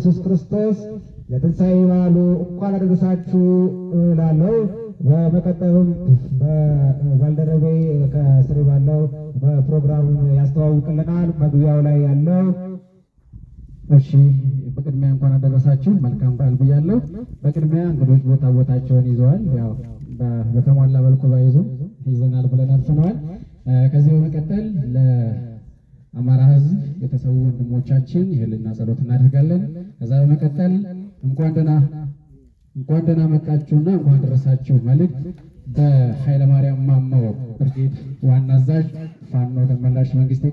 ኢየሱስ ክርስቶስ ለትንሣኤ በዓሉ እንኳን አደረሳችሁ እላለሁ። በመቀጠልም ባልደረቤ ከስር ባለው በፕሮግራም ያስተዋውቅልናል። መግቢያው ላይ ያለው እሺ። በቅድሚያ እንኳን አደረሳችሁ መልካም በዓል ብያለሁ። በቅድሚያ እንግዶች ቦታ ቦታቸውን ይዘዋል። ያው በተሟላ መልኩ ባይዙ ይዘናል ብለን አልፍነዋል። ከዚህ በመቀጠል ለአማራ ሕዝብ የተሰዉ ወንድሞቻችን የህልና ጸሎት እናደርጋለን። ከዛ በመቀጠል እንኳን ደህና እንኳን ደህና መጣችሁና እንኳን ደረሳችሁ መልእክት በኃይለማርያም ማሞ ብርጌድ ዋና አዛዥ ፋኖ ደመላሽ መንግስት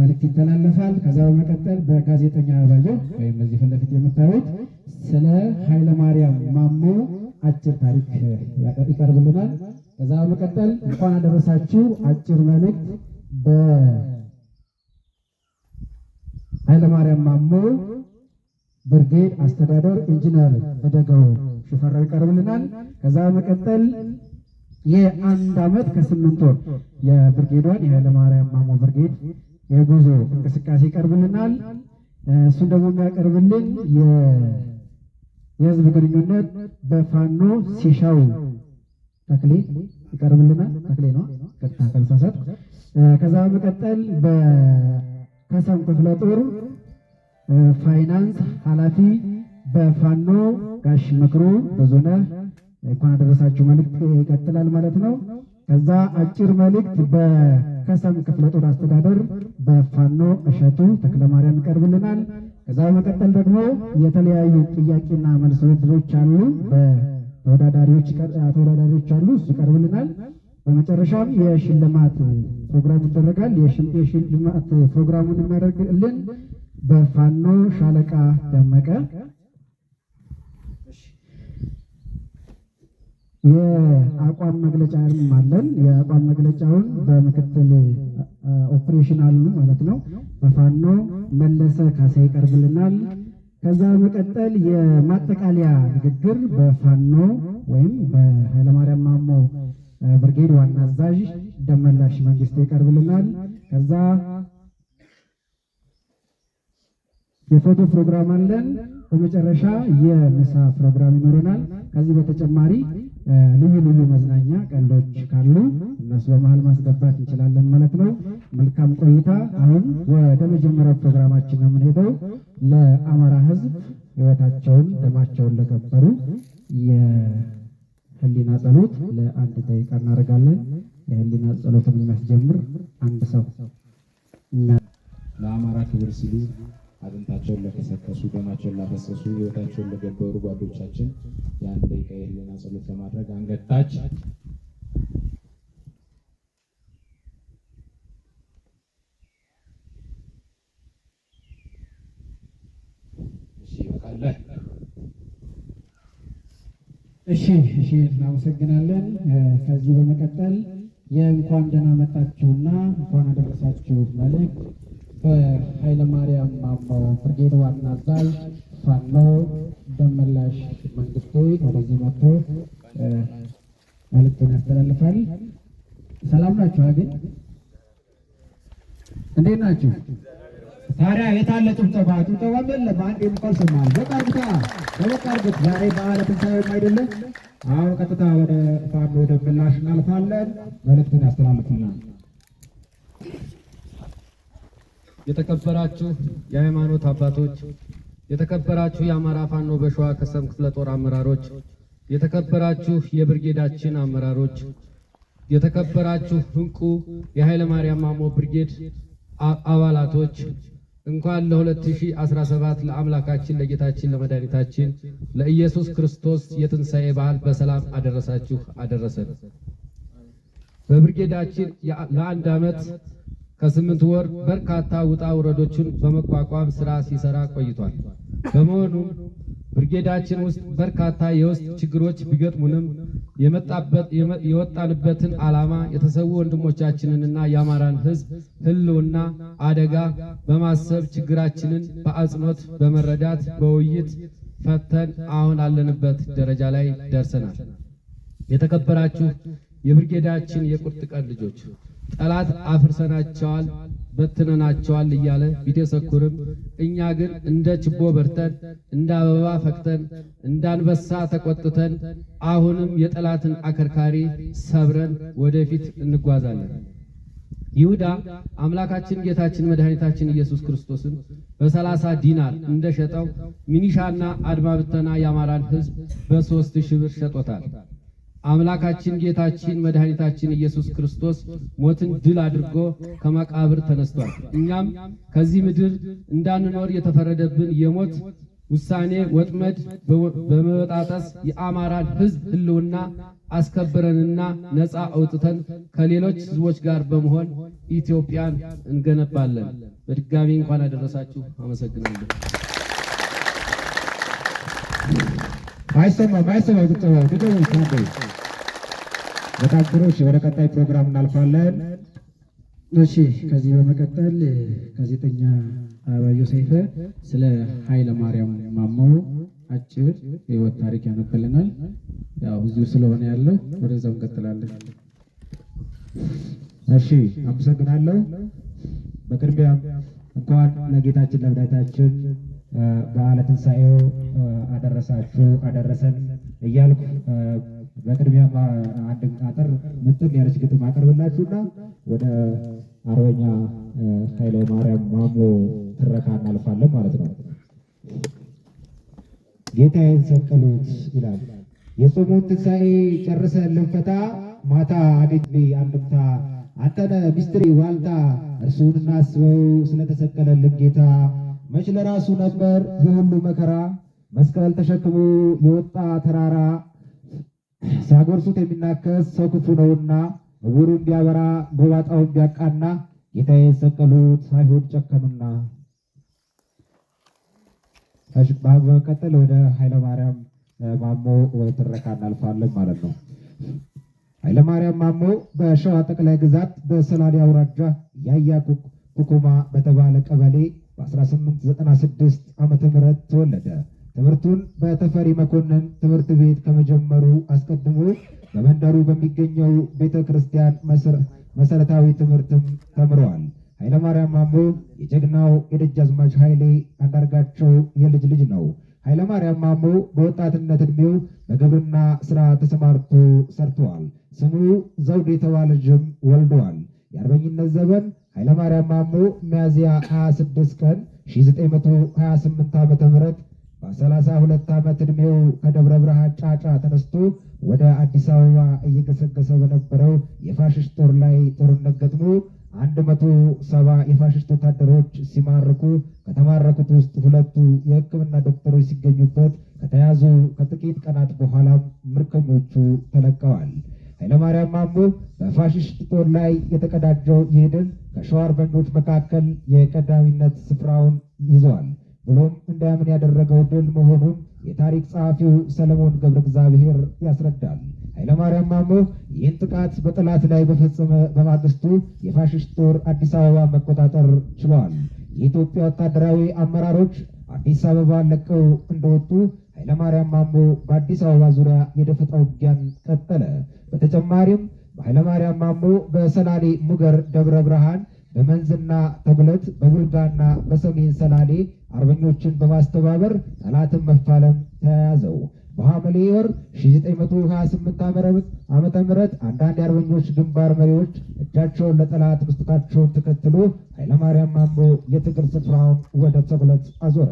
መልእክት ይተላለፋል። ከዛ በመቀጠል በጋዜጠኛ አበባየሁ ወይም በዚህ ፊት ለፊት የምታዩት ስለ ኃይለማርያም ማሞ አጭር ታሪክ ይቀርብልናል። ከዛ በመቀጠል እንኳን አደረሳችሁ አጭር መልእክት ኃይለማርያም ማሞ ብርጌድ አስተዳደር ኢንጂነር እደገው ሽፈራው ይቀርብልናል። ከዛ በመቀጠል የአንድ ዓመት ከስምንት ወር የብርጌዷን የኃይለማርያም ማሞ ብርጌድ የጉዞ እንቅስቃሴ ይቀርብልናል። እሱን ደግሞ የሚያቀርብልን የህዝብ ግንኙነት በፋኖ ሲሻው ተክሌ ይቀርብልናል። ተክሌ ነው። ከዛ በመቀጠል ከሰም ክፍለ ጦር ፋይናንስ ኃላፊ በፋኖ ጋሽ መክሮ ብዙነ እንኳን አደረሳችሁ መልእክት ይቀጥላል ማለት ነው። ከዛ አጭር መልእክት በከሰም ክፍለ ጦር አስተዳደር በፋኖ እሸቱ ተክለ ማርያም ይቀርብልናል። ከዛ በመቀጠል ደግሞ የተለያዩ ጥያቄና መልስ ውድድሮች አሉ። ተወዳዳሪዎች አሉ፣ እሱ ይቀርብልናል። በመጨረሻም የሽልማት ፕሮግራም ይደረጋል። የሽልማት ፕሮግራሙን የሚያደርግልን በፋኖ ሻለቃ ደመቀ የአቋም መግለጫ አለን። የአቋም መግለጫውን በምክትል ኦፕሬሽናል ማለት ነው በፋኖ መለሰ ካሳ ይቀርብልናል። ከዛ መቀጠል የማጠቃለያ ንግግር በፋኖ ወይም በኃይለማርያም ማሞ ብርጌድ ዋና አዛዥ ደመላሽ መንግስት ይቀርብልናል። ከዛ የፎቶ ፕሮግራም አለን። በመጨረሻ የምሳ ፕሮግራም ይኖረናል። ከዚህ በተጨማሪ ልዩ ልዩ መዝናኛ ቀልዶች ካሉ እነሱ በመሀል ማስገባት እንችላለን ማለት ነው። መልካም ቆይታ። አሁን ወደ መጀመሪያው ፕሮግራማችን ነው የምንሄደው። ለአማራ ሕዝብ ህይወታቸውን ደማቸውን ለገበሩ ህሊና ጸሎት ለአንድ ደቂቃ እናደርጋለን። የህሊና ጸሎትን የሚያስጀምር አንድ ሰው ለአማራ ክብር ሲሉ አጥንታቸውን ለከሰከሱ፣ ደማቸውን ላፈሰሱ፣ ህይወታቸውን ለገበሩ ጓዶቻችን የአንድ ደቂቃ የህሊና ጸሎት ለማድረግ አንገታች እሺ እሺ፣ እናመሰግናለን። ከዚህ በመቀጠል የእንኳን ደህና መጣችሁና እንኳን አደረሳችሁ መልእክት በኃይለ ማርያም ማሞ ብርጌድ ዋና አዛዥ ፋኖ ደመላሽ መንግስቴ ወደዚህ መጥቶ መልእክቱን ያስተላልፋል። ሰላም ናችሁ? ግን እንዴት ናችሁ? ታዲያ የታለ ጭብጨባ? ጭብጨባም የለም። አንድ የሚቆል ስማል በቃርብታ በበቃርብት ዛሬ በዓለ ትንሣኤም አይደለም። አሁን ቀጥታ ወደ ፋኖ ወደ ምላሽ እናልፋለን። መልእክትን ያስተላልፉናል። የተከበራችሁ የሃይማኖት አባቶች፣ የተከበራችሁ የአማራ ፋኖ በሸዋ ከሰም ክፍለ ጦር አመራሮች፣ የተከበራችሁ የብርጌዳችን አመራሮች፣ የተከበራችሁ እንቁ የኃይለ ማርያም ማሞ ብርጌድ አባላቶች እንኳን ለ2017 ለአምላካችን ለጌታችን ለመድኃኒታችን ለኢየሱስ ክርስቶስ የትንሣኤ በዓል በሰላም አደረሳችሁ አደረሰን። በብርጌዳችን ለአንድ ዓመት ከስምንት ወር በርካታ ውጣ ውረዶችን በመቋቋም ስራ ሲሰራ ቆይቷል። በመሆኑም ብርጌዳችን ውስጥ በርካታ የውስጥ ችግሮች ቢገጥሙንም የወጣንበትን ዓላማ የተሰዉ ወንድሞቻችንንና የአማራን ሕዝብ ህልውና አደጋ በማሰብ ችግራችንን በአጽንኦት በመረዳት በውይይት ፈተን አሁን አለንበት ደረጃ ላይ ደርሰናል። የተከበራችሁ የብርጌዳችን የቁርጥ ቀን ልጆች ጠላት አፍርሰናቸዋል፣ በትነናቸዋል እያለ ቢደሰኩርም እኛ ግን እንደ ችቦ በርተን እንደ አበባ ፈክተን እንደ አንበሳ ተቆጥተን አሁንም የጠላትን አከርካሪ ሰብረን ወደፊት እንጓዛለን። ይሁዳ አምላካችን ጌታችን መድኃኒታችን ኢየሱስ ክርስቶስን በሰላሳ ዲናር እንደሸጠው ሚኒሻና አድማ ብተና የአማራን ሕዝብ በሦስት ሺህ ብር ሸጦታል። አምላካችን ጌታችን መድኃኒታችን ኢየሱስ ክርስቶስ ሞትን ድል አድርጎ ከመቃብር ተነስቷል። እኛም ከዚህ ምድር እንዳንኖር የተፈረደብን የሞት ውሳኔ ወጥመድ በመበጣጠስ የአማራን ሕዝብ ህልውና አስከብረንና ነፃ አውጥተን ከሌሎች ሕዝቦች ጋር በመሆን ኢትዮጵያን እንገነባለን። በድጋሚ እንኳን አደረሳችሁ። አመሰግናለሁ። አይሰማም አይሰማም በጣም እሺ፣ ወደ ቀጣይ ፕሮግራም እናልፋለን። እሺ፣ ከዚህ በመቀጠል ጋዜጠኛ አበባየሁ ሰይፈ ስለ ኃይለ ማርያም ማሞ አጭር የህይወት ታሪክ ያነብልናል። ያው ብዙ ስለሆነ ያለው ወደዛው እንቀጥላለን። እሺ፣ አመሰግናለሁ። በቅድሚያ እንኳን ለጌታችን ለመድኃኒታችን በዓለ ትንሣኤው አደረሳችሁ አደረሰን እያልኩ በቅድሚያ አንድ አጠር ምጥን ያለች ግጥም አቀርብላችሁና ወደ አርበኛ ኃይለ ማርያም ማሞ ትረካ እናልፋለን ማለት ነው። ጌታዬን ሰቀሉት ይላል። የጾሙን ትንሣኤ ጨርሰን ልንፈታ ማታ አገኘ አንድምታ አንተነ ሚስትሪ ዋልታ እርሱን እናስበው ስለተሰቀለልን ጌታ መች ለራሱ ነበር የሁሉ መከራ መስቀል ተሸክሞ የወጣ ተራራ ሲያጎርሱት የሚናከስ ሰው ክፉ ነውና እውሩ ቢያበራ ጎባጣውን ቢያቃና ጌታ የሰቀሉት አይሁድ ጨከኑና። በመቀጠል ወደ ኃይለ ማርያም ማሞ ትረካ እናልፋለን ማለት ነው። ኃይለ ማርያም ማሞ በሸዋ ጠቅላይ ግዛት በሰላሌ አውራጃ ያያ ኩኩማ በተባለ ቀበሌ በ1896 ዓመተ ም ተወለደ። ትምህርቱን በተፈሪ መኮንን ትምህርት ቤት ከመጀመሩ አስቀድሞ በመንደሩ በሚገኘው ቤተ ክርስቲያን መሰረታዊ ትምህርትም ተምረዋል። ኃይለማርያም ማሞ የጀግናው የደጃዝማች ኃይሌ አንዳርጋቸው የልጅ ልጅ ነው። ኃይለማርያም ማሞ በወጣትነት እድሜው በግብርና ስራ ተሰማርቶ ሰርተዋል። ስሙ ዘውድ የተባለ ልጅም ወልደዋል። የአርበኝነት ዘመን ኃይለማርያም ማሞ ሚያዝያ 26 ቀን 1928 ዓ.ም በሰላሳ ሁለት ዓመት ዕድሜው ከደብረ ብርሃን ጫጫ ተነስቶ ወደ አዲስ አበባ እየገሰገሰ በነበረው የፋሽስት ጦር ላይ ጦርነት ገጥሞ አንድ መቶ ሰባ የፋሽስት ወታደሮች ሲማርኩ ከተማረኩት ውስጥ ሁለቱ የሕክምና ዶክተሮች ሲገኙበት ከተያዙ ከጥቂት ቀናት በኋላም ምርኮኞቹ ተለቀዋል። ኃይለማርያም ማሞ በፋሽስት ጦር ላይ የተቀዳጀው ይህ ድል ከሸዋ አርበኞች መካከል የቀዳሚነት ስፍራውን ይዘዋል። ብሎም እንዳያምን ያደረገው ድል መሆኑን የታሪክ ጸሐፊው ሰለሞን ገብረ እግዚአብሔር ያስረዳል። ኃይለማርያም ማሞ ይህን ጥቃት በጠላት ላይ በፈጸመ በማግስቱ የፋሽስት ጦር አዲስ አበባ መቆጣጠር ችሏል። የኢትዮጵያ ወታደራዊ አመራሮች አዲስ አበባ ለቀው እንደወጡ ኃይለማርያም ማሞ በአዲስ አበባ ዙሪያ የደፈጣ ውጊያን ቀጠለ። በተጨማሪም በኃይለማርያም ማሞ በሰላሌ ሙገር ደብረ ብርሃን በመንዝና ተብለት በቡልጋና በሰሜን ሰላሌ አርበኞችን በማስተባበር ጠላትን መፋለም ተያያዘው። በሐምሌ ወር 1928 ዓመተ ምህረት አንዳንድ የአርበኞች ግንባር መሪዎች እጃቸውን ለጠላት መስጠታቸውን ተከትሎ ኃይለማርያም ማሞ የትግል ስፍራውን ወደ ሰብለት አዞረ።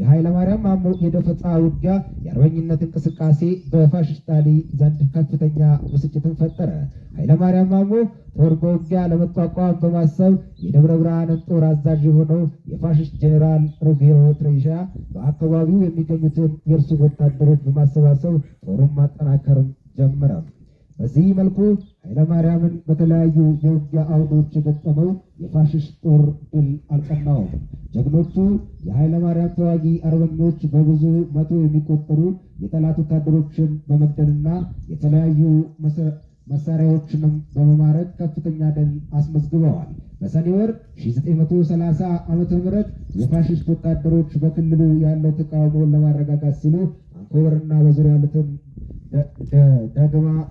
የኃይለማርያም ማሞ የደፈጣ ውጊያ የአርበኝነት እንቅስቃሴ በፋሽስት ጣሊ ዘንድ ከፍተኛ ብስጭትን ፈጠረ። ኃይለማርያም ማሞ ጦር በውጊያ ለመቋቋም በማሰብ የደብረ ብርሃንን ጦር አዛዥ የሆነው የፋሽስት ጄኔራል ሮጌሮ ትሬሻ በአካባቢው የሚገኙትን የእርሱ ወታደሮች ማሰባሰብ ጦሩን ማጠናከርም ጀመረ። በዚህ መልኩ ኃይለማርያምን በተለያዩ የውጊያ አውዶች የገጠመው የፋሽስት ጦር ድል አልቀናውም። ጀግኖቹ የኃይለማርያም ተዋጊ አርበኞች በብዙ መቶ የሚቆጠሩ የጠላት ወታደሮችን በመግደልና የተለያዩ መሳሪያዎችንም በመማረክ ከፍተኛ ድል አስመዝግበዋል። በሰኔ ወር 1930 ም የፋሽስት ወታደሮች በክልሉ ያለው ተቃውሞን ለማረጋጋት ሲሉ ጎበርና በዙሪያ ያሉትን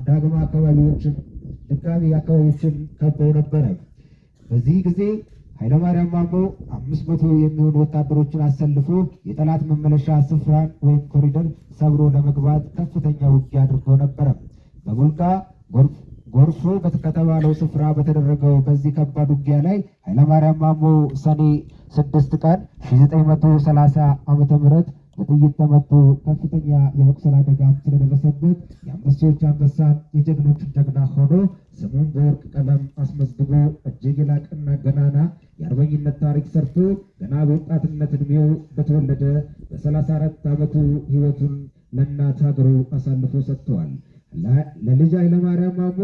ዳግማ አካባቢዎችን ድጋሚ አካባቢዎችን ከበው ነበረ። በዚህ ጊዜ ኃይለማርያም ማሞ አምስት መቶ የሚሆኑ ወታደሮችን አሰልፎ የጠላት መመለሻ ስፍራን ወይም ኮሪደር ሰብሮ ለመግባት ከፍተኛ ውጊያ አድርጎ ነበረ። በቡልጋ ጎርፎ ከተባለው ስፍራ በተደረገው በዚህ ከባድ ውጊያ ላይ ኃይለማርያም ማሞ ሰኔ ስድስት ቀን 1930 ዓ.ም በጥይት ተመቶ ከፍተኛ የመቁሰል አደጋ ስለደረሰበት የአንበሶች አንበሳ የጀግኖች ጀግና ሆኖ ስሙን በወርቅ ቀለም አስመዝግቦ እጅግ የላቀና ገናና የአርበኝነት ታሪክ ሰርቶ ገና በወጣትነት እድሜው በተወለደ በ አራት ዓመቱ ህይወቱን ለእናት ሀገሩ አሳልፎ ሰጥተዋል። ለልጅ ኃይለማርያም ማሞ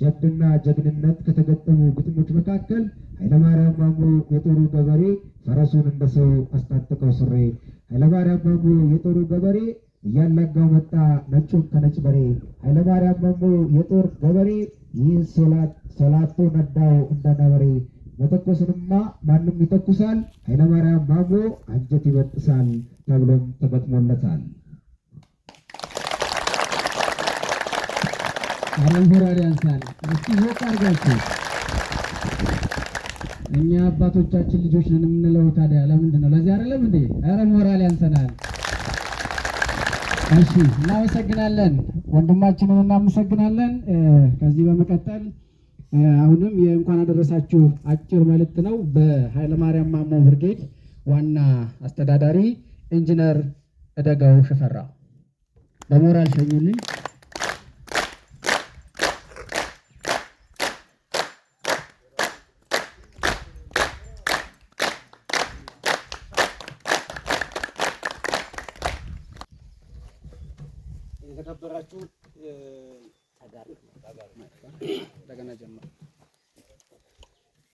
ጀብድና ጀግንነት ከተገጠሙ ግጥሞች መካከል ኃይለማርያም ማሞ የጦሩ ገበሬ ፈረሱን እንደ ሰው አስታጥቀው ስሬ ኃይለማርያም ማሞ የጦሩ ገበሬ እያላጋው መጣ ነጩን ከነጭ በሬ፣ ኃይለማርያም ማሞ የጦር ገበሬ ይህ ሰላቶ ነዳው እንደ ነበሬ፣ መተኮስንማ ማንም ይተኩሳል ኃይለማርያም ማሞ አንጀት ይበጥሳል ተብሎም ተገጥሞለታል። አረንጎራሪ አንሳን እስኪ ሆቅ እኛ አባቶቻችን ልጆች ነን የምንለው ታዲያ ለምንድን ነው? ለዚህ አይደለም እንዴ? ኧረ ሞራል ያንሰናል። እሺ፣ እናመሰግናለን ወንድማችንን እናመሰግናለን። ከዚህ በመቀጠል አሁንም የእንኳን አደረሳችሁ አጭር መልእክት ነው። በኃይለማርያም ማሞ ብርጌድ ዋና አስተዳዳሪ ኢንጂነር እደጋው ሽፈራ በሞራል ሸኙልኝ።